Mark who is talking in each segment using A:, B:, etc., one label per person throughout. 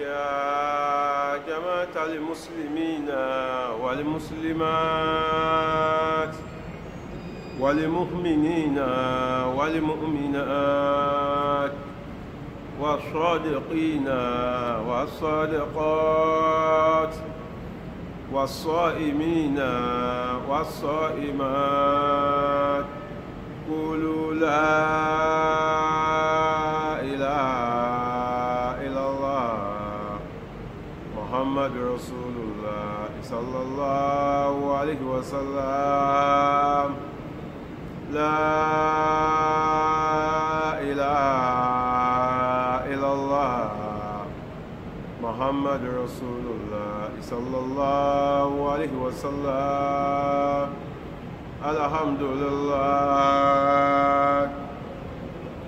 A: يا جماعة المسلمين والمسلمات والمؤمنين والمؤمنات والصادقين والصادقات والصائمين والصائمات قولوا لا عليه وسلم لا إله إلا الله محمد رسول الله صلى الله عليه وسلم الحمد لله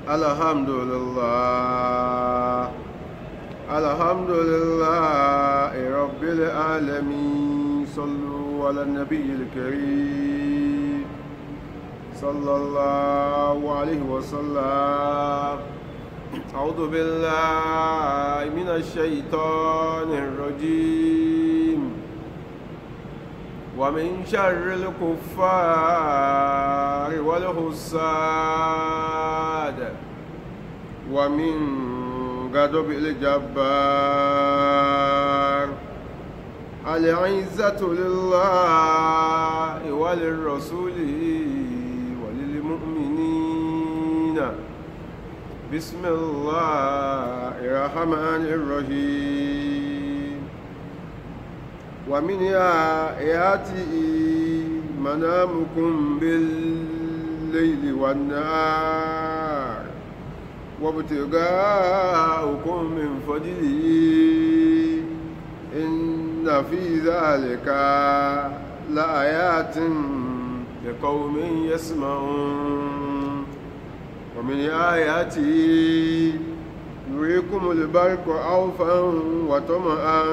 A: الحمد لله الحمد لله رب العالمين صلوا على النبي الكريم صلى الله عليه وسلم أعوذ بالله من الشيطان الرجيم ومن شر الكفار والحساد ومن غضب الجبار العزة لله وللرسول وللمؤمنين بسم الله الرحمن الرحيم ومن آياته منامكم بالليل والنهار وابتغاؤكم من فضله إن إن في ذلك لآيات لقوم يسمعون ومن آياته يريكم البرق عوفا وطمعا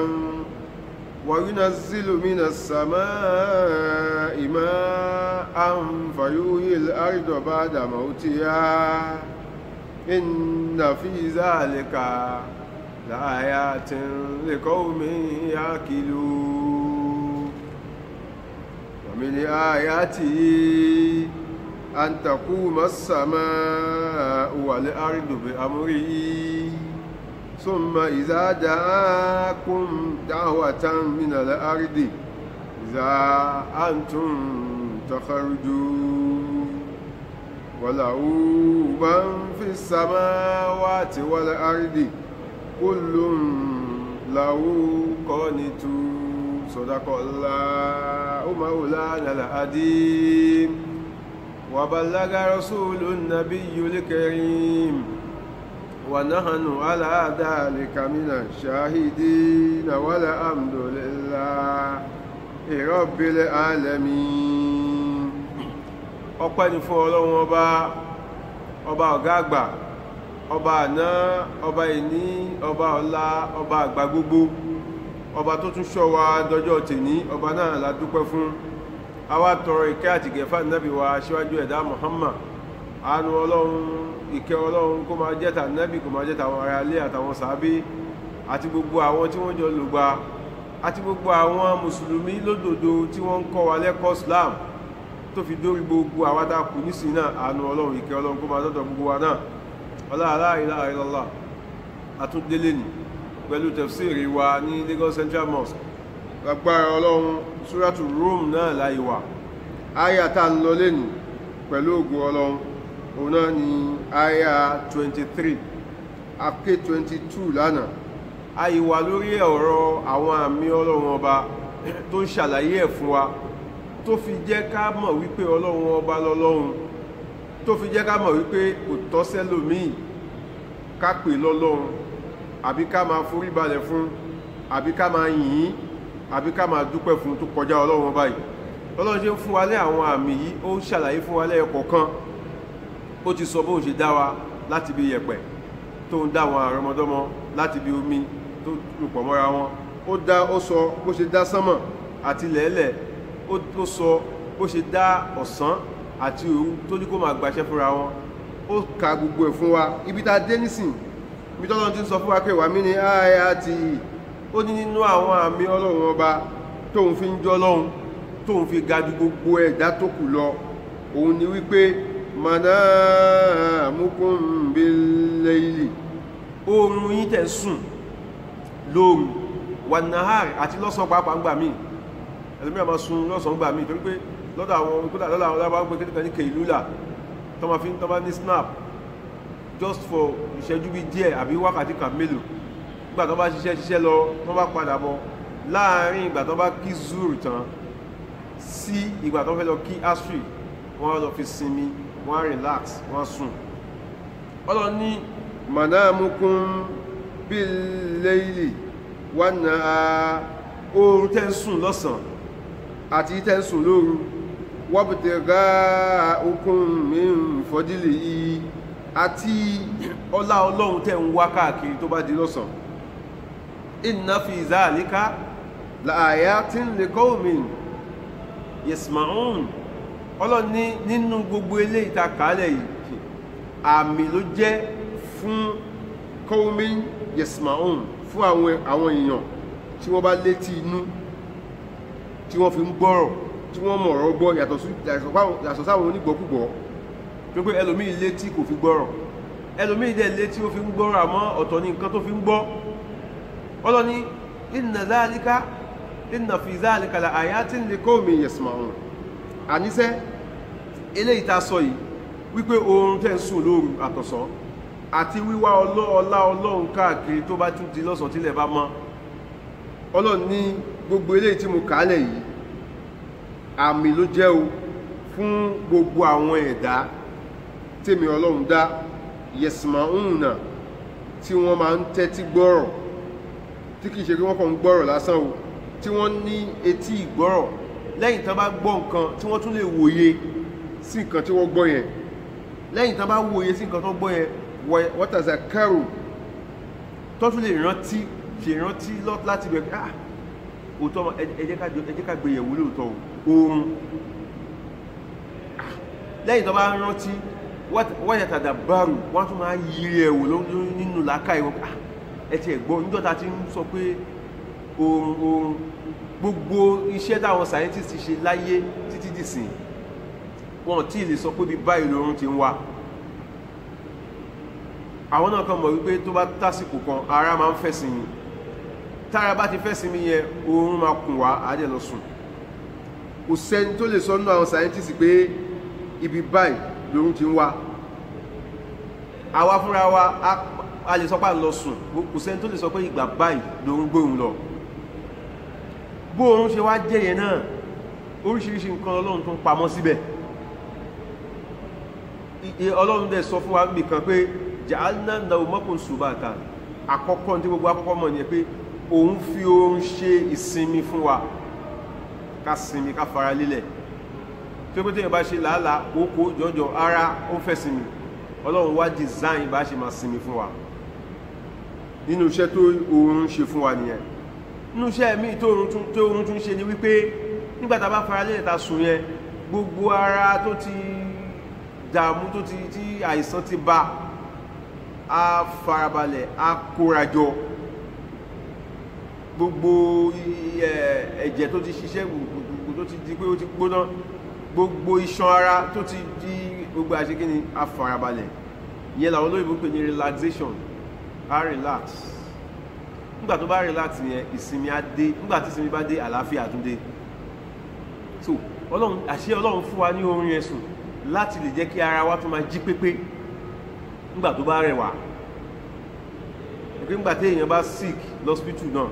A: وينزل من السماء ماء فيوهي الأرض بعد موتها إن في ذلك لآيات لقوم يعقلون ومن آياته أن تقوم السماء والأرض بأمره ثم إذا دعاكم دعوة من الأرض إذا أنتم تخرجون وله من في السماوات والأرض Olu lawuko n'etu sodakọla ụmụ ola nala adị. Wabalaga arụsọ olu n'abigya ole karịrị. Wa nahanụ ala a dara kamina shahida na nwale amudole nla, ere ọbịa ala mịịm. Ọkwa n'efu ọlọrọ ọba ọ ga ọba àná ọba ìní ọba ọ̀la ọba àgbà gbogbo ọba tó tún ṣọ́ wa dọjọ́ tèní ọba náà la dúpẹ́ fún àwa tọrọ ìkẹ́ àti gẹ̀fà nábì wa aṣíwájú ẹ̀dá Muhammad àánú ọlọ́run ìkẹ́ ọlọ́run kó máa jẹ́ta nábì kó máa jẹ́ta àwọn ará ilé àtàwọn sàábé àti gbogbo àwọn tí wọ́n jọ lògbà àti gbogbo àwọn mùsùlùmí lódodo tí wọ́n ń kọ́ wa lẹ́kọ̀ọ́ Islam tó fi dórí gbogbo àwa tá a kù nísìnyí náà àánú ọlọ́run ìkẹ́ ọlọ́run kó máa dọ́dọ̀ gbogbo wa náà ọláàlá ìlà ìlọ́lá àtúndélé ni pẹ̀lú tẹ̀fsìrì wa ní Lagos Central Mosque agbára ọlọ́run súrátù Rum náà láì wà áyà tá ń lọ lẹ́nu pẹ̀lú ògùn ọlọ́run òun náà ni áyà 23 aké 22 lánàá àyíwá lórí ọ̀rọ̀ àwọn àmì ọlọ́run ọba tó ń ṣàlàyé ẹ̀ fún wa tó fi jẹ́ ká mọ̀ wípé ọlọ́run ọba lọ́lọ́run tó fi jẹ́ ká mọ̀ wípé kò tọ́sẹ́lòmíì ká pè lọ́lọ́run àbí ká máa forí balẹ̀ fún àbí ká máa yìn àbí ká máa dúpẹ́ fún tó kọjá ọlọ́run báyìí ọlọ́run ṣe ń fún wa lé àwọn àmì yìí ó ń ṣàlàyé fún wa lẹ́ẹ̀kọ̀ kan ó ti sọ bóun ṣe dá wa láti bí yẹ̀pẹ̀ tó ń dá àwọn àrọmọdọ́mọ láti bí omi tó rùpọ̀ mọ́ra wọn ó dá ó sọ bó ṣe dá sánmọ̀ àti lẹ́ẹ̀lẹ̀ ó sọ bó ṣe dá ọ̀sán àti òru tó ní kó máa gbaṣẹ́ fúnra wọn ó ka gbogbo ẹ̀ fún wa ibi tá a dé nísìn ibi tọ́lọ́run ti ń sọ fún wa pé wà mí ni ààyè ti ó ní nínú àwọn àmì ọlọ́run ọba tóun fi ń jọ ọlọ́run tóun fi ga ju gbogbo ẹ̀dá tó kù lọ òun ni wípé manamukum bil-layli oorun yín tẹ̀ sùn lóòrùn wanahar àti lọ́sàn pàápàá ń gbà míì ẹlòmíràn máa sun lọ́sàn gbà míì torí pé lọ́dọ̀ àwọn kódà lọ́dọ̀ àwọn ọlọ́pàá ń kékeré ní kèlúlà tó máa fi ń tó bá ní snap just for ìṣẹ́jú bíi díẹ̀ àbí wákàtí kan mélòó nígbà tó bá ṣiṣẹ́ ṣiṣẹ́ lọ tó bá padà bọ̀ láàárín ìgbà tó bá kí zuru tán sí ìgbà tó fẹ́ lọ kí asri wọ́n á lọ fi sinmi wọ́n á relax wọ́n á sùn ọlọ́ ní manamukum bil layli wan nahar oorun tẹ́ ń sùn lọ́sàn àti tẹ́ ń sùn lóru wabtiga'ukum min fadlihi àti ọlá ọlọ́run tẹ́ ń wá káàkiri tó bá di lọ́sàn inna fi zalika la ayatin li qawmin yasma'un ọlọ́run ní nínú gbogbo eléyìí tá yìí àmì ló jẹ́ fún qawmin yasma'un fún àwọn èèyàn tí wọ́n bá létí inú tí wọ́n fi ń gbọ́rọ̀ tí wọ́n mọ̀ ọ̀rọ̀ gbọ́ yàtọ̀ sáwọn onígbọ́kúgbọ́ pé ẹlòmíì létí kò fi gbọ́rọ̀ ẹlòmíì dẹ̀ létí ó fi ń gbọ́rọ̀ àmọ́ ọ̀tọ̀ ni nǹkan tó fi ń gbọ́ ọlọ́ni inna zalika inna fi zalika la ayatin li qawmin yasma'un àníṣẹ́ eléyìí tá a sọ yìí wípé oorun tẹ́ ń sùn lóru àtọ̀sán àti wíwá ọlá ọlọ́run káàkiri tó bá tún di lọ́sàn-án tílẹ̀ bá mọ́ ọlọ́run gbogbo eléyìí tí mo kàálẹ̀ yìí àmì ló jẹ́ o fún gbogbo àwọn ẹ̀dá tèmi ọlọ́run dá yẹ̀sìmáhùnà tí wọ́n máa ń tẹ́tí gbọ́rọ̀ tí kìí ṣe pé wọ́n kàn ń gbọ́rọ̀ lásán o tí wọ́n ní etí ìgbọ́rọ̀ lẹ́yìn tán bá gbọ́ nǹkan tí wọ́n tún lè wòye sí nǹkan tí wọ́n gbọ́ yẹn lẹ́yìn tán bá wòye sí nǹkan tó gbọ́ yẹn wọ́tàzà kẹrù tó tún lè rántí ṣèrántí láti bẹ̀rẹ̀ ah òótọ́ ẹ jẹ́ ká gbé yẹ̀wò lóòótọ́ o oorun lẹ́yìn tó bá rántí wọ́n yẹ tàdà bárù wọ́n tún máa yiri ẹ̀wò nínú làákà ìwọ̀n pé ah, ẹ ti ẹ̀gbọ́n níjọ́ ta ti ń sọ pé oorun oorun gbogbo iṣẹ́ táwọn scientist ṣe láyé títí dìsìn wọn tí ì lè sọ pé bí báyìí lóorun ti ń wá àwọn náà kàn mọ̀ wípé tó bá tásìkò kan ara máa ń fẹ́ sinmi tára bá ti fẹ́ sinmi yẹn oorun máa kùn wá àádẹ́ lọ sùn kò sẹ́ni tó lè sọ nínú àwọn scientist pé ibi báyìí lòun ti ń wá àwa fúnra wa a lè sọ pé à ń lọ sùn kò sẹ́ni tó lè sọ pé ìgbà báyìí lòun gbóhùn lọ bóòrùn ṣe wá jẹ́ yẹn náà oríṣiríṣi nǹkan ọlọ́run tó ń pamọ́ síbẹ̀ ọlọ́run dẹ̀ sọ fún wa níbi kan pé jàánà nàùmọ́kùn ṣùbàtà àkọ́kọ́ tí gbogbo akọ́kọ́ mọ̀ ni pé òun fi oorun ṣe ìsinmi fún wa ká sinmi ká fara lílẹ̀ tó pé téèyàn bá ṣe làálàá oko jọjọ ara ó fẹ́ sinmi ọlọ́run wá design bá ṣe máa sinmi fún wa nínú iṣẹ́ tó oorun ṣe fún wa nìyẹn nínú iṣẹ́ míì tó oorun tún ṣe ni wípé nígbà tá a bá fara lílẹ̀ ta sùn yẹn gbogbo ara tó ti dààmú tó ti tí àìsàn ti bá a farabalẹ̀ a kórajọ gbogbo ẹ̀jẹ̀ tó ti ṣiṣẹ́ gbogbo tó ti di pé ó ti gbóná gbogbo iṣan ara tó ti di gbogbo àṣekínni afarabalẹ̀ ìyẹn làwọn olóyìnbó pè ní relaxation á relax nígbà tó bá relax yẹn ìsinmi á dé nígbà tí ìsinmi bá dé àlàáfíà tún dé so ọlọ́run àṣẹ ọlọ́run fún wa ní oorun yẹn sùn láti lè jẹ́ kí ara wa tún máa jí pépé nígbà tó bá rẹwà pé nígbà tí èèyàn bá sick lọ́sípítù náà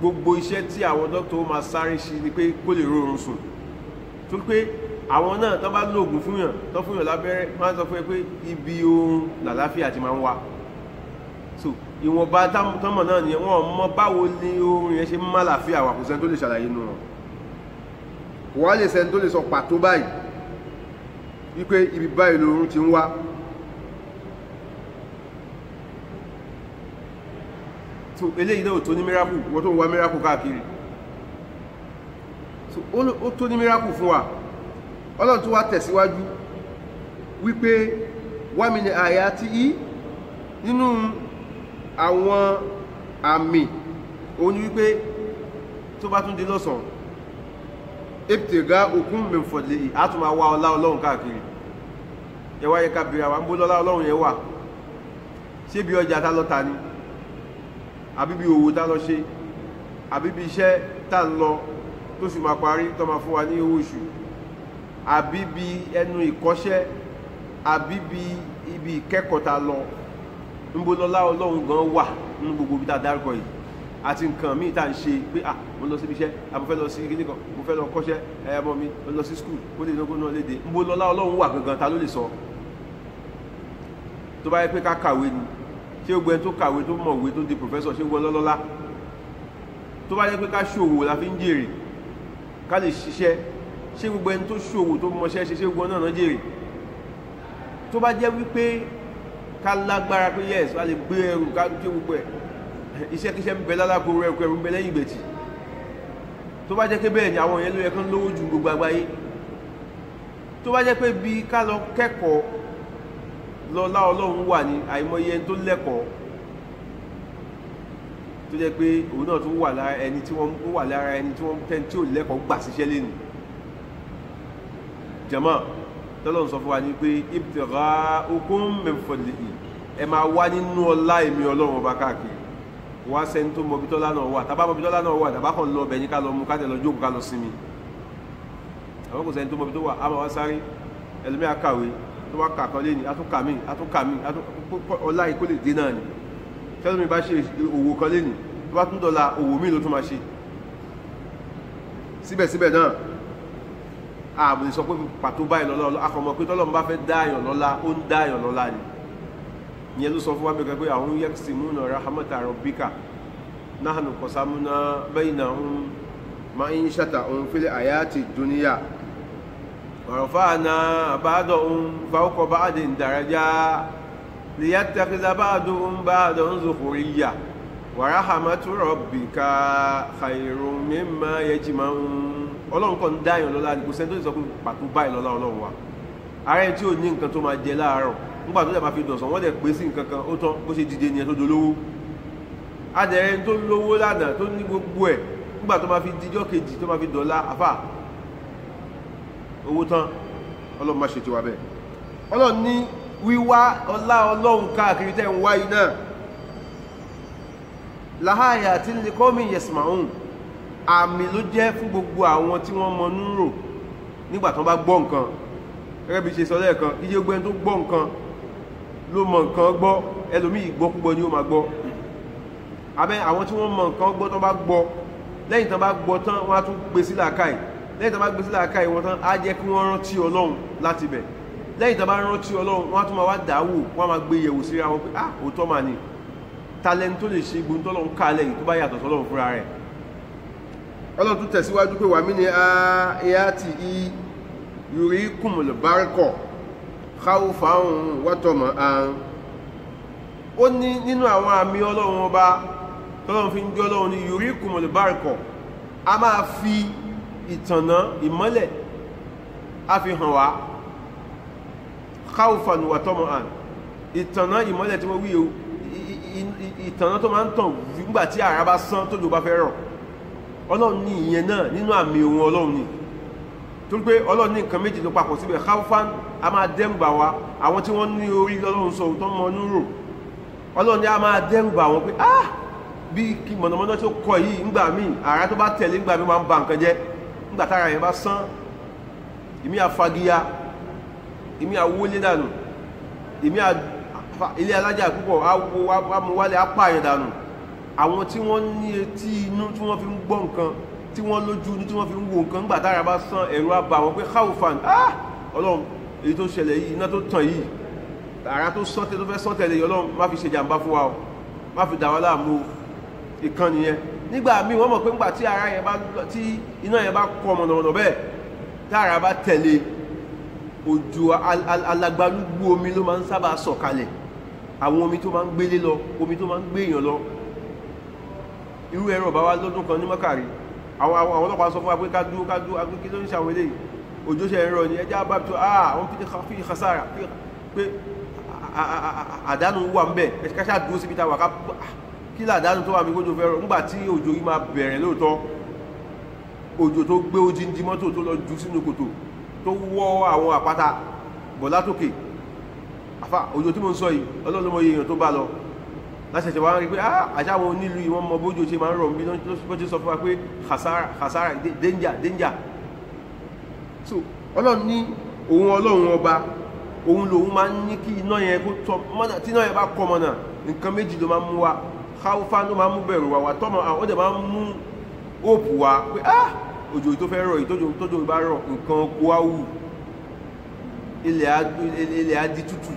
A: gbogbo iṣẹ́ tí àwọn dókítà ó máa sáré ṣe ni pé kó lè rọrùn sùn tó pé àwọn náà tó bá lòògùn fún yàn tó fún yàn lábẹ́rẹ́ máa ń sọ fún ẹ pé ibi oorun làlàáfíà ti máa ń wà so ìwọ̀nba tọ́mọ̀ náà ni wọ́n mọ báwo ni oorun yẹn ṣe ń má làáfíà wà kò sẹ́ni tó lè ṣàlàyé nù wọn kò wá lè sẹ́ni tó lè sọ pàtó báyìí wípé ibi báyìí lóorun ti ń wá so eléyìí náà ò tó ní miracle wọ́n tó ń so ó tó ní miracle fún wa ọlọ́run tó wá ni àyà àwọn àmì òun ni wípé tó bá tún di lọ́sàn-án èpìtègá òkun mẹ́fọ̀lẹ̀ yìí á tún máa wá ọlá ọlọ́run káàkiri ẹ̀wá yẹ ká bèrè àwọn àbúlọ́lá ọlọ́run yẹn wà ṣé bí ọjà tá lọ́ta ni àbí bí owó tá lọ ṣe àbí bí iṣẹ́ tá ń lọ tó sì máa parí tó máa fún wa ní owó oṣù àbí bí ẹnu ìkọ́ṣẹ́ àbí bí ibi ìkẹ́kọ̀ọ́ tá lọ níbo lọ́lá ọlọ́run gan wà nínú gbogbo ibi tá a dárúkọ yìí àti nǹkan míì tá à ń ṣe pé à mo lọ síbi iṣẹ́ àbò fẹ́ lọ sí kíní kan mo fẹ́ lọ kọ́ṣẹ́ ẹ̀yà ọmọ mi mo lọ sí skul ó lè lógún náà léde níbo lọ́lá ọlọ́run wà gangan ta ló lè sọ tó bá yẹ pé ká kàwé ni ṣé gbogbo ẹni tó kàwé tó mọ̀wé tó di professor ṣé gbogbo ọlọ́lọ́lá tó bá jẹ́ pé ká ṣòwò la fi ń jèrè ká lè ṣiṣẹ́ ṣé gbogbo ẹni tó ṣòwò tó mọṣẹ́ ṣe ṣé gbogbo náà náà jèrè tó bá jẹ́ wípé ká lágbára pé yes a lè gbé ẹrù ká gbé gbogbo ẹ̀ iṣẹ́ kíṣẹ́ ń bẹ lálágbó ẹrù ẹrù ń bẹ lẹ́yìn ìgbẹ̀tì tó bá jẹ́ pé bẹ́ẹ̀ ni àwọn yẹn ló yẹ kán lówó ju gbogbo àgbáyé tó bá jẹ́ pé bí ká lọ kẹ́kọ̀ọ́ lọ́lá ọlọ́run wà ní àìmọye ẹni tó lẹ́kọ̀ọ́ tó jẹ́ pé òun náà tó wà lára ẹni tí wọ́n wà lára ẹni tí wọ́n tẹ́ni tí ò lẹ́kọ̀ọ́ gbà síṣẹ́ lẹ́nu jẹ̀mọ́ tọ́lọ́run sọ fún wa ní pé ibtira okun mẹ́fọ̀lì ẹ máa wá nínú ọlá èmi ọlọ́run ọba káàkiri wá sẹ́ni tó mọbi náà wà tàbá mọbi náà wà tàbá kàn lọ ọbẹ̀ yín ká lọ mú ká tẹ̀ jókòó ká lọ sinmi àwọn kò sẹ́ni tó mọbi wà á máa wá sáré ẹlòmíà kàwé tó wá kà kan lé ní atúnkà mí atúnkà mí ọlá ikú lè dé náà ni tẹ́lẹ̀ mi bá ṣe òwò kan lé ní tó bá tún dọ̀la òwò míì ló tún máa ṣe síbẹ̀síbẹ̀ náà ààbò lè sọ pé pàtó báyìí lọ́la akọ̀mọ̀ pé tọ́lọ́mù bá fẹ́ dá àyàn lọ́la ó ń dá àyàn lọ́la ni ìyẹn ló sọ fún wa bí kan pé àwọn yẹ́kìsì múnà rahamata rabbika náà nù kọ̀sámúná bẹ́yìn náà ń máa ń ṣàtà òun fílẹ̀ àyà ti dúníyà ورفعنا بعضهم فوق بعض درجات ليتخذ بعضهم بعضا زخريا ورحمة ربك خير مما يجمعون ọlọ́run kàn ń dá èèyàn lọ́la kò sẹ́ni tó ti sọ pé pàtó báyìí lọ́la ọlọ́run wa ara ẹni tí ò ní nǹkan tó máa jẹ láàárọ̀ nígbà tó dẹ̀ máa fi dọ̀sán wọ́n dẹ̀ pé sí nǹkan kan ó tán bó ṣe dìde nìyẹn tó dolówó tó lówó lánàá tó ní gbogbo ẹ̀ nígbà kejì tó máa fi dọ̀la àfà owó tán ọlọ́run má ṣe tiwa bẹ́ẹ̀ ọlọ́run ní wíwá ọlá ọlọ́run káàkiri tẹ́ ń wá yìí náà làháyà àti nìkọ́mì yẹ̀sìmáhùn àmì ló jẹ́ fún gbogbo àwọn tí wọ́n mọ núrò nígbà tó bá gbọ́ nǹkan gẹ́gẹ́ bí ṣe sọ lẹ́ẹ̀kan iye gbẹ́ni tó gbọ́ nǹkan ló mọ nǹkan gbọ́ ẹlòmíì gbọ́ púpọ̀ ni ó máa gbọ́ abẹ́ àwọn tí wọ́n mọ nǹkan gbọ́ tó bá gbọ́ lẹ́yìn tó bá gbọ́ tán wọ́n á tún gbé sí làákàyè lẹ́yìn tó bá gbé sílẹ̀ àká ìwọ̀n tán á jẹ́ kí wọ́n rántí ọlọ́run láti bẹ̀ lẹ́yìn tó bá rántí ọlọ́run wọ́n á tún máa wá dà á wò wọ́n á máa gbé yẹ̀wò síra wọn pé ah òótọ́ mà ní talent tó lè ṣe gbóhùn tọ́lọ́run kálẹ̀ yìí tó bá yàtọ̀ sọ́lọ́run fúnra rẹ̀ ọlọ́run tún tẹ̀síwájú pé wàmí ni ayati i yorì kùmùlù bárẹ́kọ̀ káwọ́ fáwọn wọ́tọ̀mọ̀ àrùn ó ní nínú àwọn àmì ọlọ́run ọba tọ́lọ́run a máa fi ìtànà ìmọ́lẹ̀ a fi hàn wá káwùfàn wà tọ́mọ àn ìtànà ìmọ́lẹ̀ tí wọ́n wí o ìtànà tó máa ń tàn nígbà tí àrá bá sán tó jò bá fẹ́ rọ̀ ọlọ́run ní ìyẹn náà nínú àmì ohun ọlọ́run ni torí pé ọlọ́run ní nǹkan méjì ló papọ̀ síbẹ̀ káwùfàn a máa dẹ́rùbà wa àwọn tí wọ́n ní orí lọ́lọ́run sọ tó mọ inú rò ọlọ́run ní a máa dẹ́rùbà wọn pé ah bí kí mọ̀nàmọ́ná tó kọ yìí ńgbà míì àrá tó bá tẹ̀lé ńgbà míì máa ń ba nǹkan jẹ́ nígbà tára yẹn bá sán èmi àfagiya èmi àwọlé dànù èmi ilé alájà púpọ̀ amúwálé apáyẹ̀ dànù àwọn tí wọ́n ní etí inú tí wọ́n fi ń gbọ́ nǹkan tí wọ́n lójú ní tí wọ́n fi ń wo nǹkan nígbà tára bá sán ẹ̀rù á bà wọ́n pé káwùfàn ah! ọlọ́run èyí tó ṣẹlẹ̀ yìí iná tó tàn yìí tààrà tó sọ́tẹ̀ tó fẹ́ sọ́tẹ̀ lè yọ ọlọ́run má fi ṣèjàmbá fún wa o má fi dà wá láàmú ìkànnì yẹn nígbà míì wọ́n mọ̀ pé ńgbà tí ara yẹn bá tí iná yẹn bá kọ mọ̀nàmọ̀nà bẹ́ẹ̀ tára bá tẹ̀lé òjò alagbalúgbú omi ló máa ń sábà sọ̀kalẹ̀ àwọn omi tó máa ń gbélé lọ omi tó máa ń gbé èèyàn lọ irú ẹran bá wá lọ́dún kan ní mọ́kàrí àwọn ọlọ́pàá sọ fún wa pé ká dúró ká dúró agbègbè ló ń ṣàwọn eléyìí òjò ṣe ń rọ ní ẹjá bá tó ah wọ́n fi kásárà pé àdánù wà ń bẹ̀ káṣá dúró síbi táwa ká kí làdánù tó wà mí kójú fẹ́ràn nígbà tí òjò yìí máa bẹ̀rẹ̀ lóòótọ́ òjò tó gbé odindi mọ́tò tó lọ jù sínú kòtò tó wọ́ àwọn àpáta bọ̀ látòkè àfà òjò tí mo ń sọ yìí ọlọ́lọ́mọ yìí èèyàn tó bá lọ láṣẹ̀ṣẹ̀ wá rí pé ah àṣà àwọn onílù yìí wọ́n mọ bójú ṣe máa ń rọ̀ mí lọ́jọ́ sọ fún wa pé hasara danger danger so ọlọ́run ní òun ọlọ́run ọba òun lòun máa ń ní kí iná yẹn kó tọ́ mọ́nà tí iná yẹn bá kọ́ mọ́nà nǹkan méjì ló máa ń mú wa haufa ló máa ń mú bẹ̀rù wa wà tọ́mọ àwọn ọdẹ máa mú òpù wa pé ah òjò tó fẹ́ rọ̀ ìtọ́jú tójú bá rọ̀ nǹkan kó á wù ilẹ̀ á di tútù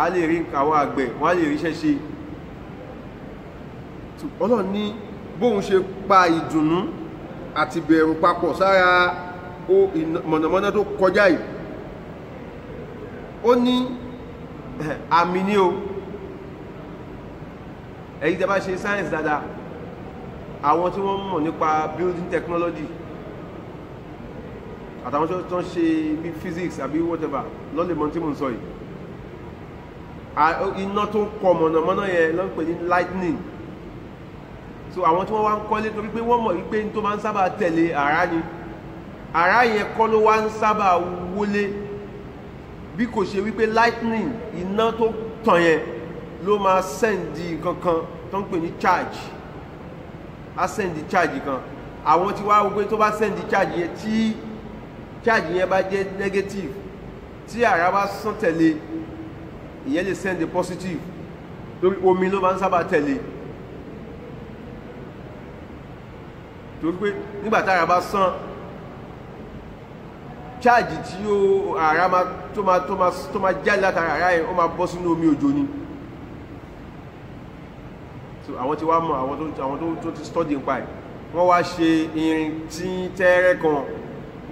A: a lè rí àwọn àgbẹ̀ wọ́n á lè ríṣẹ́ ṣe ọlọ́run ní bóun ṣe pa ìdùnnú àti bẹ̀rù papọ̀ sára mọ̀nàmọ́ná tó kọjá yìí ó ní àmì ní o ẹ̀yin tẹ́ bá ṣe science dáadáa àwọn tí wọ́n mọ̀ nípa building technology àtàwọn tó ń ṣe bí physics àbí whatever lọ́lẹ̀ mọ́ tí mò ń sọ yìí iná tó kọ mọ̀nàmọ́ná yẹn ló ń pè ní lightning so àwọn tí wọ́n wá ń kọ́lé torí pé wọ́n mọ̀ wípé tó máa ń sábà tẹ̀lé àrá ni àrá yẹn kọ́ ló wá ń sábà wọlé bí kò ṣe wípé lightning iná tó tàn yẹn ló máa sẹ́ǹdì kankan tó ń pè ní charge á sẹ́ǹdì charge kan àwọn tí wàá wò pé tó bá sẹ́ǹdì charge yẹn tí charge yẹn bá jẹ́ negative tí àrá bá sán tẹ̀lé ìyẹn lè sẹ́ǹdì positive torí omi ló máa ń sábà tẹ̀lé torí pé nígbà tára bá sán charge tí ó àrá tó máa jáde látara àrá yẹn ó máa bọ́ sínú omi òjò ni so àwọn tí wàá mọ àwọn tó àwọn tó ti study nípa ẹ̀ wọ́n wá ṣe irin tí tẹ́rẹ́ kan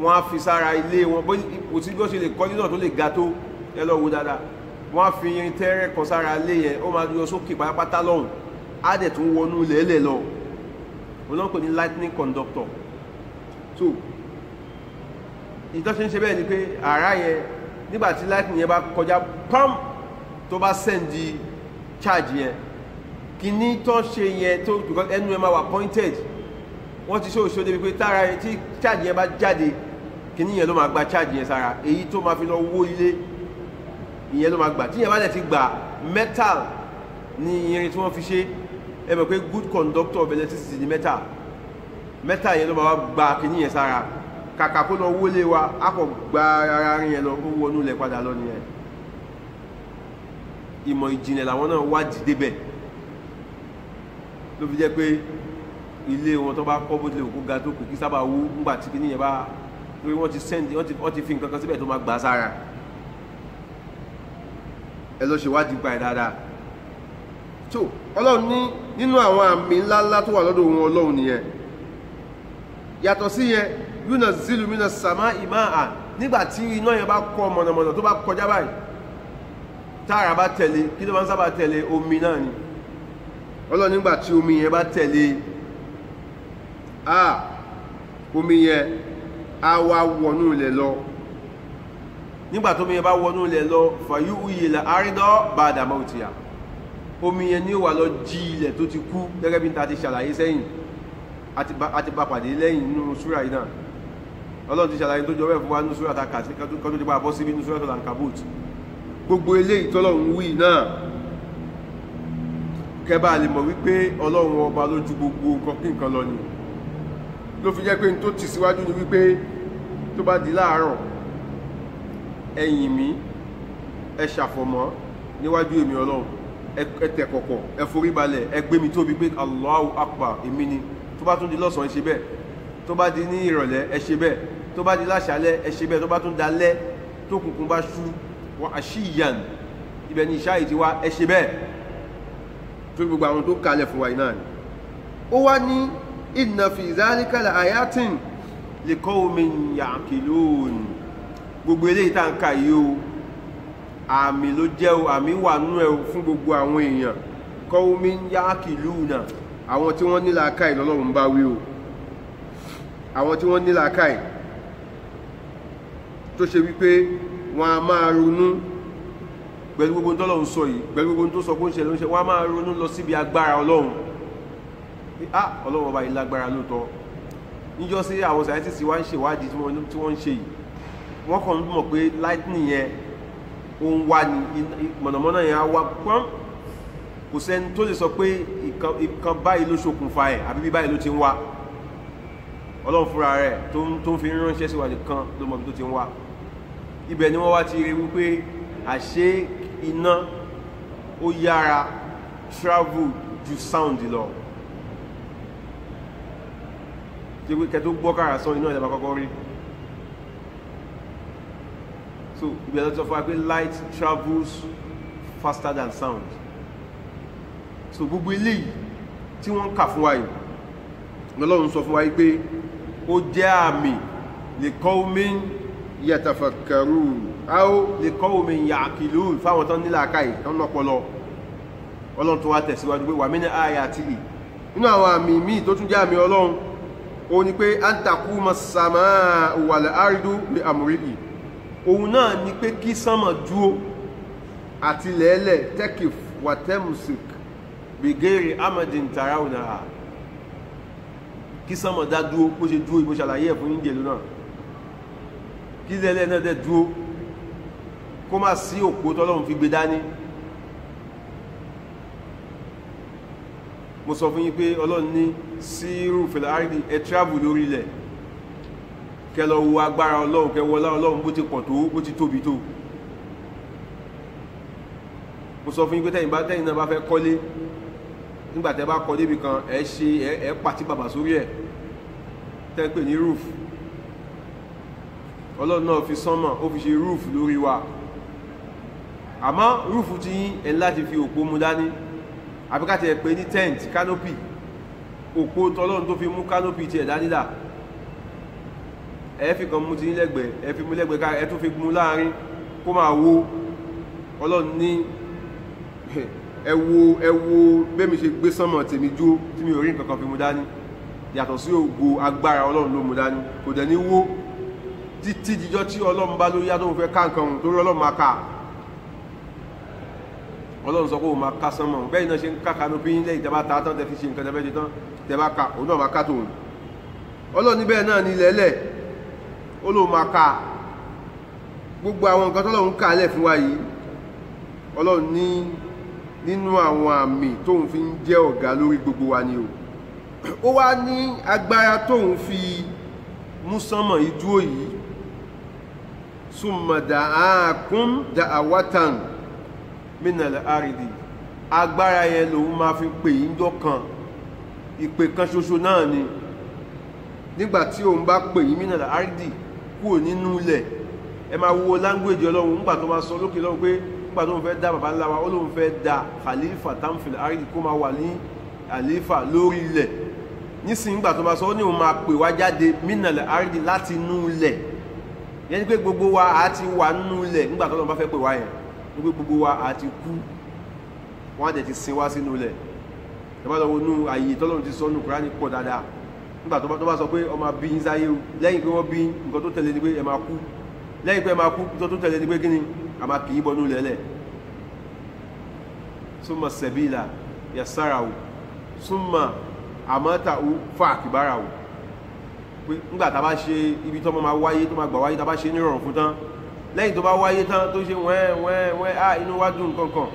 A: wọ́n á fi sára ilé wọn bó kò sí bí wọ́n ṣe lè kọ́lé náà tó lè ga tó ẹ lọ wo dáadáa wọ́n á fi irin tẹ́rẹ́ kan sára ilé yẹn ó máa yọ sókè pátápátá lọ́hùn á dẹ̀ tún wọnú lẹ́lẹ̀ lọ wọn náà pè ní lightning conductor so ìtọ́sí ń ṣe bẹ́ẹ̀ ni pé àrá yẹn nígbà tí lightning yẹn bá kọjá pam tó bá sẹ́ǹdì charge yẹn kíní tó ṣe yẹn tó because ẹnu ẹ máa wà pointed wọ́n ti ṣe òṣèlú débi pé tára yẹn tí charge yẹn bá jáde kíní yẹn ló máa gba charge yẹn sára èyí tó máa fi lọ wó ilé ìyẹn ló máa gbà tíyẹn bá dẹ̀ ti gbà metal ni irin tí wọ́n fi ṣe ẹ mọ̀ pé good conductor of electricity ni metal metal yẹn ló máa gba kíní yẹn sára kàkà kó lọ wọlé wa á kọ̀ gba ara rin yẹn lọ ó wọnú ilẹ̀ padà lọ nìyẹn ìmọ̀ ìjìnlẹ̀ làwọn náà wá dìde bẹ́ẹ̀ ló fi jẹ́ pé ilé wọn tó bá kọ́ bó tilẹ̀ òkú ga tó kù kí sábà wú ńgbà tí kìnìyàn bá pé wọ́n ti send wọ́n ti fi nǹkan kan síbẹ̀ tó máa gbà sára ẹ lọ ṣèwádìí pa ẹ̀ dáadáa tó ọlọ́run ní nínú àwọn àmì ńláńlá tó wà lọ́dọ̀ wọn ọlọ́run nìyẹn yàtọ̀ sí yẹn yúnà zilu mina sàmá ìmáà nígbà tí iná yẹn bá kọ mọ̀nàmọ̀nà tó bá kọjá báyìí táàrà bá tẹ̀lé kí ló máa ń sábà tẹ̀lé omi náà ni ọlọ́run nígbà tí omi yẹn bá tẹ̀lé a ah, omi yẹn á wá wọnú ilẹ̀ lọ nígbà tó omi yẹn bá wọnú ilẹ̀ lọ fàyú uyè là árídọ́ bá àdàmọ́ òtìyà omi yẹn ní ó wà lọ jí ilẹ̀ tó ti kú gẹ́gẹ́ bí n ta ti ṣàlàyé sẹ́yìn àti bá pàdé lẹ́yìn nínú súrà yìí náà ọlọ́run ti ṣàlàyé tó jọ bẹ́ẹ̀ fún wa nínú súrà ta kà sí kọ́tún tó ti bá a bọ́ síbi nínú súrà tó là ń kàbóòtù gbogbo eléyìí tọ́lọ́run wí náà kẹba lè mọ̀ wípé ọlọ́run ọba ló ju gbogbo nǹkan kí nǹkan lọ ni ló fi jẹ́ pé n tó tì síwájú ni wípé tó bá di láàárọ̀ ẹ̀yìn mi ẹ ṣàfọ̀mọ́ níwájú èmi ọlọ́run ẹ tẹ̀ kọ̀kọ̀ ẹ forí balẹ̀ ẹ gbé mi tóbi pé Allahu Akbar èmi ni tó bá tún di lọ́sàn-án ẹ ṣe bẹ́ẹ̀ tó bá di ní ìrọ̀lẹ́ ẹ ṣe bẹ́ẹ̀ tó bá di láṣálẹ́ ẹ ṣe bẹ́ẹ̀ tó bá tún dalẹ́ tó kùnkùn bá ṣú wọ́n àṣìyàn ibẹ̀ ni ìṣáyìí ti wá ẹ ṣe bẹ́ẹ̀ torí gbogbo àwọn tó kalẹ̀ fún wa iná ni ó wá ní inna fi zalika la ayatin li qawmin ya'qilun gbogbo eléyìí tá à ń ka yìí o àmì ló jẹ́ o àmì wà nú ẹ fún gbogbo àwọn èèyàn qawmin ya'qiluna àwọn tí wọ́n ní làákàyè lọ́lọ́run bá wí o àwọn tí wọ́n ní làákàyè tó ṣe wípé wọn a máa ronú pẹ̀lú gbogbo tọ́lọ̀ ń sọ yìí pẹ̀lú gbogbo tó sọ pé ó ń ṣe ló ń ṣe wọ́n á máa ronú lọ síbi agbára ọlọ́run a ah, ọlọ́run ọba yìí lágbára lóòótọ́ níjọ́ sí àwọn scientists wá ń ṣèwádìí tí wọ́n ń ṣe yìí wọ́n kàn mọ̀ pé lightning yẹn ó ń wá ní mọ̀nàmọ́ná yẹn á wá pọ́n kò sẹ́ni tó lè sọ pé ìkan báyìí ló ṣokùnfà ẹ̀ àbí bí báyìí ló ti ń wá ọlọ́run fúnra rẹ̀ tó ń fi ránṣẹ́ sí wa ló mọ̀ bí tó ti ń wá ibẹ̀ ni wọ́n wá ti rí wípé àṣé iná ó yára travel ju sound lọ tí pé kẹtó gbọ́ kára sọ iná ìjọba kọ́kọ́ rí so ibi ẹ̀dọ́ tó fọ́ pé light travels faster than sound so gbogbo eléyìí tí wọ́n ń kà fún wa yìí lọ́lọ́run sọ fún wa pé ó jẹ́ àmì lè kọ́ omi yàtàfàkàrù aw lè kọ́ omi ìyà àkìlú fáwọn tán nílà káì tán lọ́pọlọ ọlọ́run tó wá tẹ̀síwájú pé wà mí ní ààyè àti lè nínú àwọn àmì míì tó tún jẹ́ àmì ọlọ́run ó ní pé à ń takú mọ sàmà òwàlẹ̀ àrídú lè àmúrídì òun náà ni pé kí sánmà dúó àti lẹ́ẹ̀lẹ̀ tekif watemusik bigeri amadin tarawuna kí sánmà dá dúó bó ṣe dúó ìbò ṣàlàyé ẹ̀ fún yíndìẹ̀ lónà kí lẹ́ẹ̀lẹ̀ náà dẹ̀ dúó kó má sí òpó tọ́lọ́run fi gbé dání mo sọ fún yín pé ọlọ́run ní sírù fìlàárìdì ẹ travel lórí ilẹ̀ kẹ lọ wo agbára ọlọ́run kẹ wọlá ọlọ́run bó ti pọ̀ tó bó ti tóbi tó mo sọ fún yín pé tẹ́yìn bá tẹ́yìn náà bá fẹ́ kọ́lé nígbà tẹ́ bá kọ́ débi kan ẹ ṣe ẹ ẹ pàtí bàbà sórí ẹ̀ tẹ́ pè ní roof ọlọ́run náà fi sánmà ó fi ṣe roof lórí wa àmọ́ rúfù ti yín ẹ̀ láti fi òpó mu dání àbíkàtì ẹ̀ pé ní tent canopy òpó tọlọ́run tó fi mú canopy tiẹ̀ dání dà ẹ fi kan mú ti yín lẹ́gbẹ̀ẹ́ ẹ fi mú lẹ́gbẹ̀ẹ́ ká ẹ tún fi mú láàrin kó máa wo ọlọ́run ní ẹ wo ẹ wo bẹ́ẹ̀ mi ṣe gbé sánmọ̀ tèmi jó tí mi ò rí nǹkan kan fi mú dání yàtọ̀ sí ògo agbára ọlọ́run ló mú dání kò dẹ̀ ní wó títí dijọ́ tí ọlọ́run bá lórí yá tó fẹ́ ká nǹkan òun torí ọlọ́run máa kà ọlọ́run sọ pé òun máa ká sánmọ̀ bẹ́ẹ̀ náà ṣe ń ká kanopi yín lẹ́yìn tẹ́bá ta tán tẹ́fi ṣe nǹkan tẹ́fẹ́ ṣe tán tẹ́bá ka òun náà máa ká tòun ọlọ́run níbẹ̀ náà ni lẹ́lẹ̀ ó lóun máa ka gbogbo àwọn nǹkan tọ́lọ́run kà lẹ̀ fún wa yìí ọlọ́run ní nínú àwọn àmì tóun fi ń jẹ́ ọ̀gá lórí gbogbo wa ni o ó wá ní agbára tóun fi mú sánmọ̀ yìí dúró yìí súnmọ̀ dàákún dàáwátàn minal aridi agbára yẹn lòun máa fi pè yín dọ́kan ìpè kan ṣoṣo náà ni nígbà tí òun bá pè yín minal aridi kúrò nínú ilẹ̀ ẹ máa wo láńgbèjì ọlọ́run nígbà tó máa sọ lókè lọ́run pé nígbà tó ń fẹ́ dá bàbá ńlá wa ó lóun fẹ́ da khalifa tamfil aridi kó máa wà ní àléfà lórí ilẹ̀ nísìnyí nígbà tó máa sọ ó ní òun máa pè wá jáde minal aridi láti inú ilẹ̀ yẹn ni pé gbogbo wa àá ti wà nínú ilẹ̀ nígbà tó lọ́n bá fẹ́ pè wá yẹn wípé gbogbo wa àti kú wọ́n àjẹ̀ ti sin wá sínú ilẹ̀ ìbá lọ wọnú àyè tọ́lọ́run ti sọ́nù kúránì pọ̀ dáadáa nígbà tó bá sọ pé ọmọ bí yín sáyé o lẹ́yìn pé wọ́n bí nǹkan tó tẹ̀lé ni pé ẹ máa kú lẹ́yìn pé ẹ máa kú nǹkan tó tẹ̀lé ni pé kíni a máa kì í bọnú lẹ́lẹ̀ súnmọ́ sẹ̀bíìlà yẹ̀sára o súnmọ́ àmọ́ta o fà kíbára o pé nígbà tá a bá ṣe ibi tó máa wáyé tó máa gbà wáyé tá a bá ṣe nírọ̀rùn fún tán lẹ́yìn tó bá wáyé tán tó ṣe wẹ́n wẹ́n wẹ́n á inú wá dùn kankan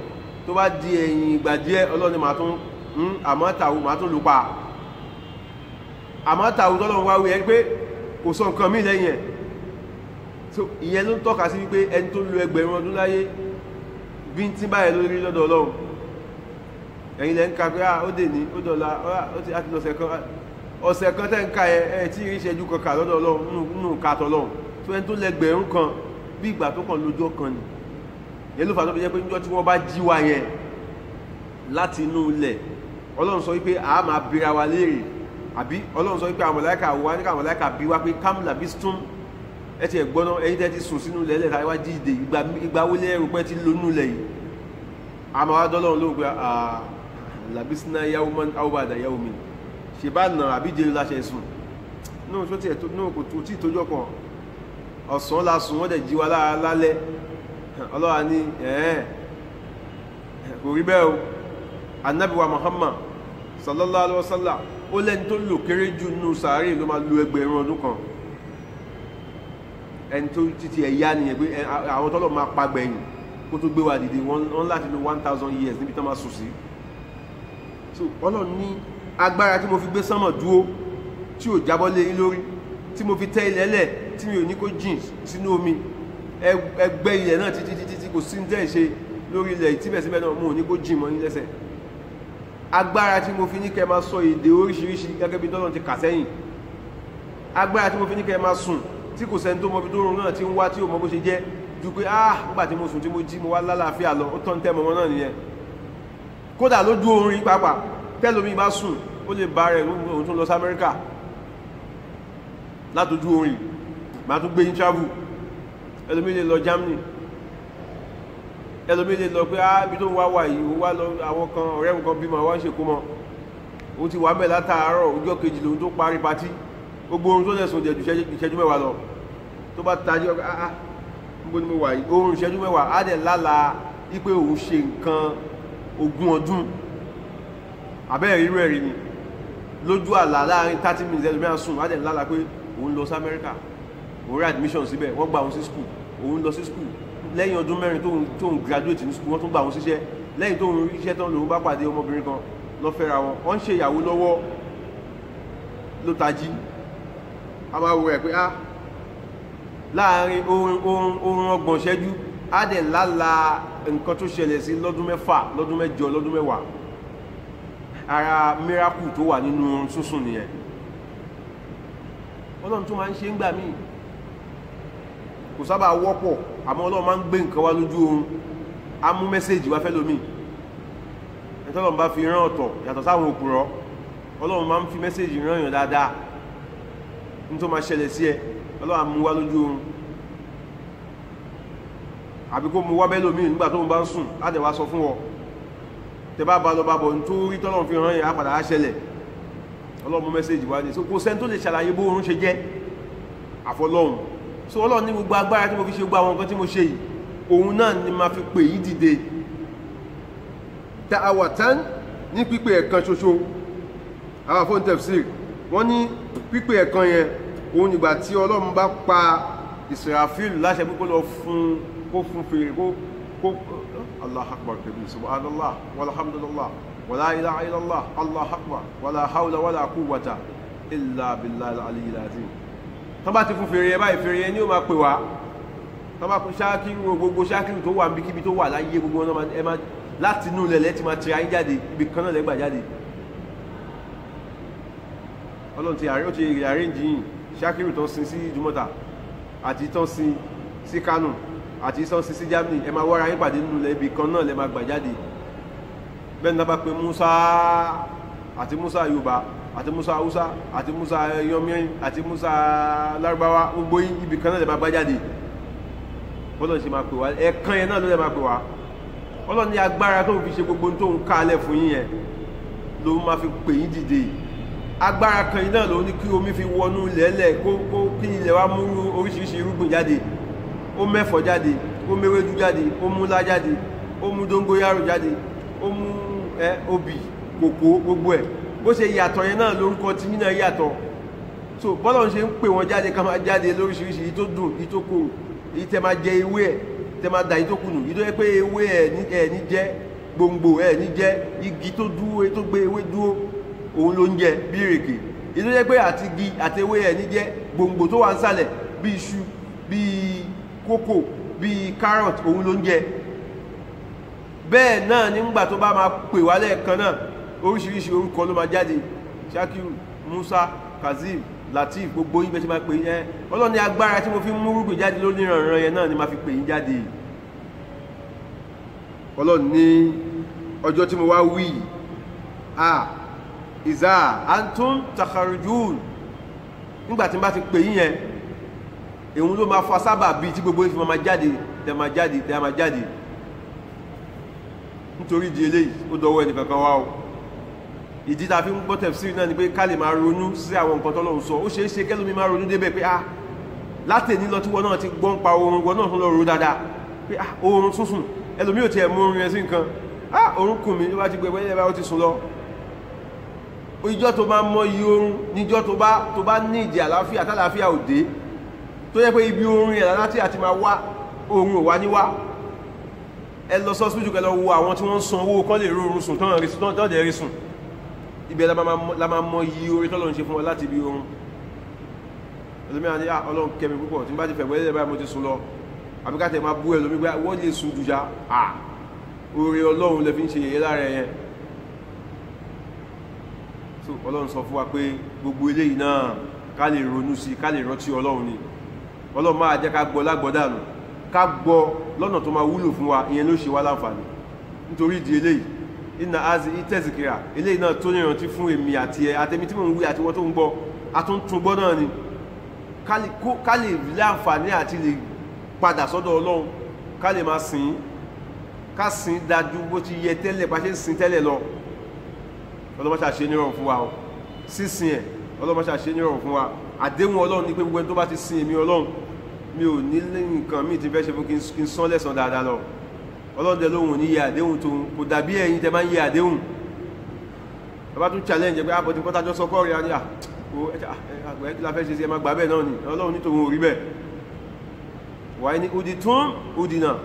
A: tó bá di ẹ̀yìn ìgbà díẹ̀ ọlọ́ni màá tún ń hmm, àmọ́ tàwù màá tún lù pa àmọ́ tàwù tọ́lọ́run wá wí ẹ pé kò sọ nǹkan míì lẹ́yìn ẹ̀ ìyẹn ló ń tọ́ka sí wípé ẹni tó lo ẹgbẹ̀rún ọdún láyé bí ń tí báyìí lórí lọ́dọ̀ ọlọ́run ẹ̀yin lẹ́ ń ka pé ó dè ní ó dọ̀la ó ti àti ọ̀sẹ̀ kan ọ̀sẹ̀ kan tẹ́ ń ka ẹ̀ ẹ̀ tí ìrìnsẹ̀jú kan kà lọ́dọ̀ ọlọ́run nínú kàtọ̀ ọlọ́run tó ẹni tó lẹgbẹ̀rún kan bí ìgbà tó kàn lójú ọkàn ni yẹn ló fà tó fi jẹ́ pé níjọ́ tí wọ́n bá jí wa yẹn láti inú ilẹ̀ ọlọ́run sọ wípé a máa bira wa léèrè àbí ọlọ́run sọ wípé àwọn màláíkà wa ní káwọn màláíkà bí wa pé kámù làbí stún ẹ ti ẹ̀ gbọ́ná ẹ̀yin tẹ́ ti sùn sínú ilẹ̀ ẹlẹ́ta wá jí ìdè ìgbà wọlé ẹrù pẹ́ ti lónú ilẹ̀ yìí a máa wá dọ́lọ́run lóògbé làbísínà yawman aw ba'da yawmin ṣe bá nà àbí jẹ́ láṣẹ sùn náà tó tiẹ̀ náà kò tó tí ìtójọ́ kan ọ̀sán la sùn wọ́n dẹ̀ jí wa lára lálẹ́ ọlọ́wà ní ẹ̀ẹ́n kò rí bẹ́ẹ̀ o anábìwa Muhammad sallallahu alaihi wasallam ó lẹ́ni tó lò kéré jù nínú sàárè ló máa lo ẹgbẹ̀rún ọdún kan ẹni tó títí ẹ̀yá nìyẹn pé àwọn tọ́lọ̀ máa pa gbẹ̀yìn kó tó gbé wa dìde wọ́n láti lo one thousand years níbi tó máa sùn sí so ọlọ́run ní agbára tí mo fi gbé sánmọ̀ dúró tí ò jábọ́ lé lórí tí mo fi tẹ́ ilẹ̀ lẹ̀ tí mi ò ní kó jìn sínú omi ẹgbẹ́ ilẹ̀ náà títí títí tí kò sí ní tẹ́ ṣe lórí ilẹ̀ tíbẹ̀síbẹ̀ náà mo ò ní kó jìn mọ́ ní lẹ́sẹ̀ agbára tí mo fi ní kẹ́ máa sọ èdè oríṣiríṣi gẹ́gẹ́ bí tọ́lọ́run ti kà sẹ́yìn agbára tí mo fi ní kẹ́ máa sùn tí kò sẹ́ni tó mọ ibi tó rùn náà tí ń wá tí ò mọ bó ṣe jẹ́ ju pé ah nígbà tí mo sùn tí mo jí mo wá lálàáfíà lọ ó tọ́ ń tẹ́ mọ́mọ́ náà nìyẹn kódà lójú oorun pàápàá tẹ́lómi bá sùn ó lè bá rẹ̀ òun tó lọ sí Amẹ́ríkà látòjú orin ma tún gbé yín travel ẹlòmí lè lọ Germany ẹlòmí lè lọ pé á ah, ibi tó ń wá wà yìí ó wá lọ àwọn kan ọ̀rẹ́ nǹkan bímọ wá ń ṣèkómọ ó ti wà bẹ́ẹ̀ látàárọ̀ ọjọ́ kejì lòun tó parí patí gbogbo ohun tó lẹ̀sùn jẹ̀ ju ìṣẹ́jú mẹ́wàá lọ tó bá tají ọkọ̀ á ah, ah, níbo ni mo wà yìí oorun ìṣẹ́jú mẹ́wàá á dẹ̀ lála wípé òun ṣe nǹkan ogún ọdún àbẹ́ẹ̀ rírọ̀ ẹ̀rí ni lójú àlá láàrin thirty minutes ẹlòmíràn sùn á dẹ̀ lála pé òun lọ sí Amẹ́ríkà òun rí admission síbẹ̀ wọ́n gba òun sí school òun lọ sí school lẹ́yìn ọdún mẹ́rin tóun tóun graduate ní school wọ́n tún gba òun síṣẹ́ lẹ́yìn tóun rí iṣẹ́ tán lòun bá pàdé ọmọbìnrin kan lọ fẹ́ra wọn wọ́n ń ṣe ìyàwó lọ́wọ́ ló tají a máa wo ẹ̀ pé ah láàárín oorun oorun oorun ọgbọ̀n ṣẹ́jú á dẹ̀ lála nǹkan tó ṣẹlẹ̀ sí lọ́dún mẹ́fà lọ́dún mẹ́jọ lọ́dún mẹ́wàá ara miracle tó wà nínú oorun sísùn nìyẹn ọlọ́run tó máa ń ṣe ń gbà míì kò sábà wọ́pọ̀ àmọ́ ọlọ́run máa ń gbé nǹkan wá lójú oorun á mú mẹ́sẹ́ẹ̀jì wá fẹ́ lómi ìtọ́lọ́run bá fi rán ọ̀tọ̀ yàtọ̀ sáwọn òkúrọ̀ ọlọ́run máa ń fi mẹ́sẹ́ẹ̀jì rán èèyàn dáadáa ní tó máa ṣẹlẹ̀ sí ẹ ọlọ́run á mú wá lójú oorun àbí kó mu wá bẹ́ẹ̀ lómi nígbà tó ń bá ń sùn á dẹ̀ wá sọ fún ọ tẹ bá ba lọ bá bọ̀ nítorí tọ́lọ́run fi rán yẹn á padà á ṣẹlẹ̀ ọlọ́run so ọlọ́run ní gbogbo agbára tí mo fi ṣe gbogbo àwọn nǹkan tí mo ṣe yìí òun náà ni máa fi pè yí dìde ta'awatan ní pípé ẹ̀kan ṣoṣo àwọn fún tefsir wọ́n ní pípé ẹ̀kan yẹn òun nígbà tí ọlọ́run bá pa Israfil láṣẹ pé kó lọ fún kó fún fèrè kó kó Allahu akbar kabir subhanallah walhamdulillah wala ilaha illallah Allahu akbar wala hawla wala quwwata illa billahi al-aliyyil azim tán bá ti fún fèrè yẹn báyìí fèrè yẹn ni ó máa pè wá tán bá fún ṣáàkìrù gbogbo ṣáàkìrù tó wà níbi kíbi tó wà láyé gbogbo wọn ẹ máa láti inú lẹ̀lẹ́ ti máa tira yín jáde ibi kan náà lẹ́gbàá jáde ọlọ́run ti àárẹ̀ ó ti àrẹ́ǹjì yìí ṣáàkìrù tán sin sí jùmọ̀tà àti tán sin sí kánò àti tán sin sí germany ẹ máa wára yín pàdé nínú lẹ̀ ibi kan náà lẹ́ máa gbà jáde bẹ́ẹ̀ ni àti musa hausa àti musa yọmíyàn àti musa lárúbáwá gbogbo ibì kan náà lè máa bá jáde bọ́lọ̀ ṣe máa pè wá ẹ̀ẹ̀kan yẹn náà ló lè máa pè wá ọlọ́ni agbára tó ń fi ṣe gbogbo tó ń ká alẹ́ fún yín yẹn ló máa fi pè yín dìde agbára kan yìí náà ló ní kí omi fi wọnú lẹ́lẹ̀ kó kó kí ilẹ̀ wa mú oríṣiríṣi irúgbìn jáde ó mẹ́fọ̀ jáde ó méwédú jáde ó múlá jáde ó mú dóngóyárò jáde ó mú ẹ obì kòkó gbogbo ẹ̀ bó ṣe yàtọ̀ yẹn náà lórúkọ tìmí náà yàtọ̀ so bọ́lá ń ṣe ń pè wọ́n jáde ká máa jáde lóríṣiríṣi yìí tó dùn yìí tó korò yìí tẹ máa jẹ ewé ẹ̀ tẹ máa dà yìí tó kùnù yìí tó yẹ pé ewé ẹ̀ ní jẹ́ gbòǹgbò ẹ̀ ní jẹ́ igi tó dúró tó gbé ewé dúró òun ló ń jẹ bí ìrèké yìí tó yẹ pé àti igi àti ewé ẹ̀ ní jẹ́ gbòǹgbò tó wà ń sàlẹ̀ bí iṣu bí kókò bí carrot òun ló ń jẹ bẹ́ẹ̀ náà nígbà tó bá máa pè wálẹ̀ kan náà oríṣiríṣi orúkọ ló máa jáde shakiru musa kazeem latif gbogbo yín bẹ́ẹ̀ ṣe máa pè yín ẹ́ ọlọ́ni agbára tí mo fi mú rúgbìn jáde lónìí ìrànràn yẹn náà ni máa fi pè yín jáde ọlọ́ni ní ọjọ́ tí mo wá wí a ìzá antum takharujun nígbà tí n bá ti pè yín yẹn èun ló máa fa sábà bíi tí gbogbo yín fi máa jáde tẹ́ máa jáde tẹ́ máa jáde nítorí di eléyìí ó dọwọ́ ẹnì kankan wá o ìdí tá a fi ń gbọ́ tẹ̀síìrì náà ni pé ká lè máa ronú sí àwọn nǹkan tó lọ́wọ́ sọ ó ṣeé ṣe kẹ́lómi máa ronú débẹ̀ pé ah látẹ̀ní lọ tí wọn náà ti gbọ́n pa oorun wọn náà tún lọ ro dáadáa pé ah oorun sísùn ẹlòmíì ò tiẹ̀ mú oorun yẹn sí nǹkan ah oorun kùn mí ló bá ti gbẹ wẹ́lẹ́ bá ó ti sùn lọ ìjọ́ tó bá mọ iye oorun níjọ́ tó bá tó bá ní ìdí àlàáfíà tálàáfíà òde tó yẹ pé ibi oorun yẹn láti àti máa wá oorun ò wá ní wá ẹ lọ sọ́sibítù kẹ lọ wo àwọn tí wọ́n ń san owó kọ́ lè ro oorun sùn tán rí sùn tán dẹ̀ rí sùn ibẹ̀ la máa mọ iye orí tọ́lọ́run ṣe fún wa láti ibi oorun ẹlòmíràn ní ọlọ́run kẹmi púpọ̀ tí n bá ti fẹ̀gbẹ́ lẹ́yìn báyìí mo ti sùn lọ àbí ká tẹ̀ máa bú ẹlòmí gbá wọ́n lè sùn jùjà à orí ọlọ́run lè fi ń ṣe yẹ̀yẹ́ lára ẹ̀yẹn so ọlọ́run sọ fún wa pé gbogbo eléyìí náà ká lè ronú sí ká lè rántí ọlọ́run ni ọlọ́run máa jẹ́ ká gbọ́ lágbọ́dànù ká gbọ́ lọ́nà tó máa wúlò fún wa ìyẹn ló ṣe wá láǹfààní nítorí ìdí eléyìí ìnà azi ìtẹ̀sìkìrà eléyìí náà tó nírántí fún èmi Ati ẹ àtẹ̀mí tí mò ń wí àti wọ́n tó ń gbọ́ àtúntún gbọ́ náà ni Kali lè rí àǹfààní àti lè padà sọ́dọ̀ ọlọ́run ká lè máa sìn ká sìn dájú bó ti yẹ tẹ́lẹ̀ bá ṣe ń sìn tẹ́lẹ̀ lọ ọlọ́mọṣà ṣe nírọ̀rùn fún wa o sísìn ẹ̀ ọlọ́mọṣà ṣe nírọ̀rùn fún wa àdéhùn ọlọ́run ni pé gbogbo ẹni tó bá ti sìn èmi ọlọ́run mi ò ní nǹkan míì ti fẹ́ ṣe fún kí n sán lẹ́sàn dáadáa lọ ọlọ́dẹ lóhùn ní yẹ àdéhùn tó ń kò dàbí ẹ̀yin tẹ máa ń yẹ àdéhùn bàbá tún challenge pé àbọ̀tí ah, pọ́tà jọ sọkọ́ rẹ̀ àdéhà ah, kò ẹ̀ ah, kí la fẹ́ ṣe sí ẹ máa gbà bẹ́ẹ̀ náà ni ọlọ́run ní tòun ò rí bẹ́ẹ̀ wàá ní odi tún odi náà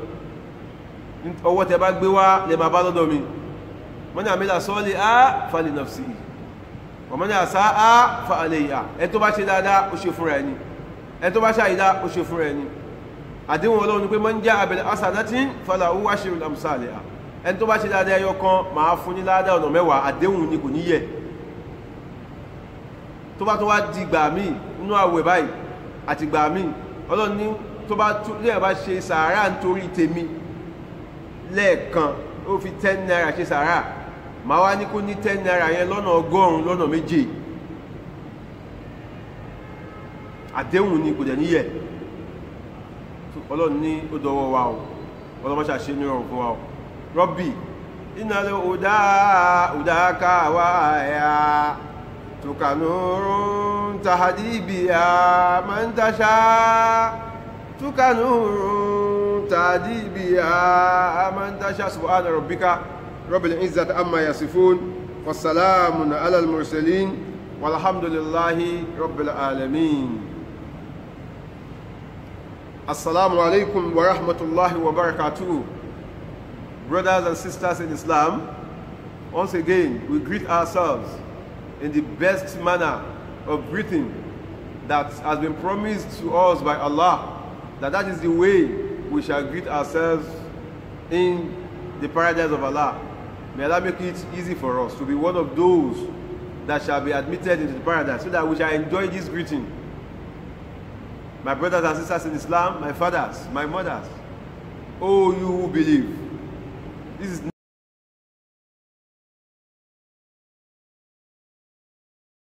A: ọwọ́ tẹ bá gbé wá lè máa bá lọ́dọ̀ mi mọ́ni àmìlà sọ́ọ́lì á falè nàfsì ọmọdé àṣà á fa àlè yà ẹ tó bá ṣe dáadáa ó ṣe fúnra ẹni ẹ tó bá ṣàyídá ó ṣe fúnra ẹni àdéhùn ọlọ́run ni pé man jaa bil hasanatin falahu ashru amsalha ẹni tó bá ṣe dáadáa ẹyọ kan màá fún ní ládàá ọ̀nà mẹ́wàá àdéhùn ni kò ní yẹ tó bá tó wá di gbà míì nínú àwẹ̀ báyìí àti gbà míì ọlọ́run ní tó bá tó lẹ́yìn bá ṣe sàárà nítorí tèmi lẹ́ẹ̀kan ó fi ten naira ṣe sàárà màá wá ní kó ní ten naira yẹn lọ́nà ọgọ́rùn-ún lọ́nà méje àdéhùn ni kò dẹ̀ níyẹ̀ ọlọ́run ní ó dọwọ́ wa o ọlọ́run máa ṣàṣe ní ọ̀rùn fún wa o rọ́bì iná ló ọ̀dà ọ̀dà ká wá ẹ̀yà tukanurun tahadibiya máa ń dáṣá tukanurun tahadibiya máa ń dáṣá subhana rabbika rabbil izzati amma yasifun wasalamun alal mursalin walhamdulillahi rabbil alamin. Assalamu alaikum wa rahmatullahi wa barakatuh. Brothers and sisters in Islam, once again, we greet ourselves in the best manner of greeting that has been promised to us by Allah, that that is the way we shall greet ourselves in the paradise of Allah. May Allah make it easy for us to be one of those that shall be admitted into the paradise so that we shall enjoy this greeting my brothers and sisters in Islam, my fathers, my mothers, oh you who believe. This is